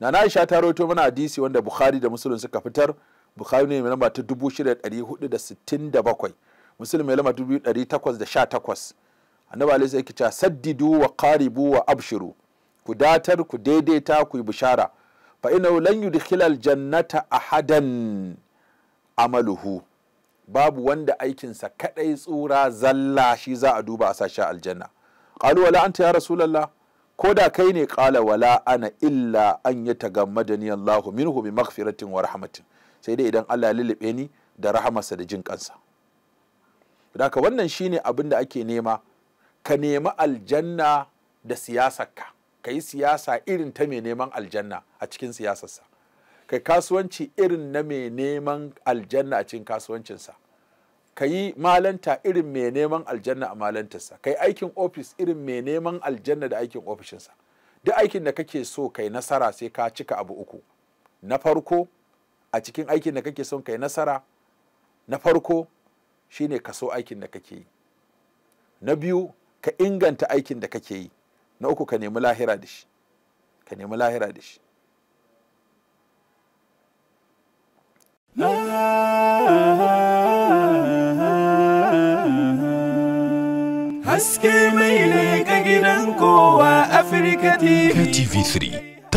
na Aisha ta rawaito mana hadisi wanda Bukhari da Muslim suka fitar Bukhari ne mai lamba ta 6467 Muslim mai lamba 2818 Annabi Alaihi sai kica saddidu wa qaribu wa abshiru ku datar ku daidaita ku yi bishara fa innahu lan yudkhila aljannata ahadan amaluhu babu wanda aikinsa kadai tsura zalla shi za a duba a sashi aljanna qalu wala anta ya rasulullah ko da kai ne kala wala ana illa an yatagammadani Allahu minhu bi maghfiratin wa rahmatin sai dai idan Allah ya lulube ni da rahamarsa da jin kansa daka wannan shine abin da ake nema ka nemi aljanna da siyasarka ka yi siyasa irin ta mai neman aljanna a cikin siyasarsa kai kasuwanci irin na mai neman aljanna a cikin kasuwancinsa ka yi malanta irin mai neman aljanna a malantarsa ka yi aikin ofis irin mai neman aljanna da aikin ofishinsa duk aikin da kake so kai nasara sai ka cika abu uku na farko a cikin aikin da kake son kai nasara na farko shine ka so aikin da kake yi na biyu ka inganta aikin da kake yi na uku ka nemi lahira da shi ka nemi lahira da shi haske mai ne ka gidan kowa Afirka TV. TV3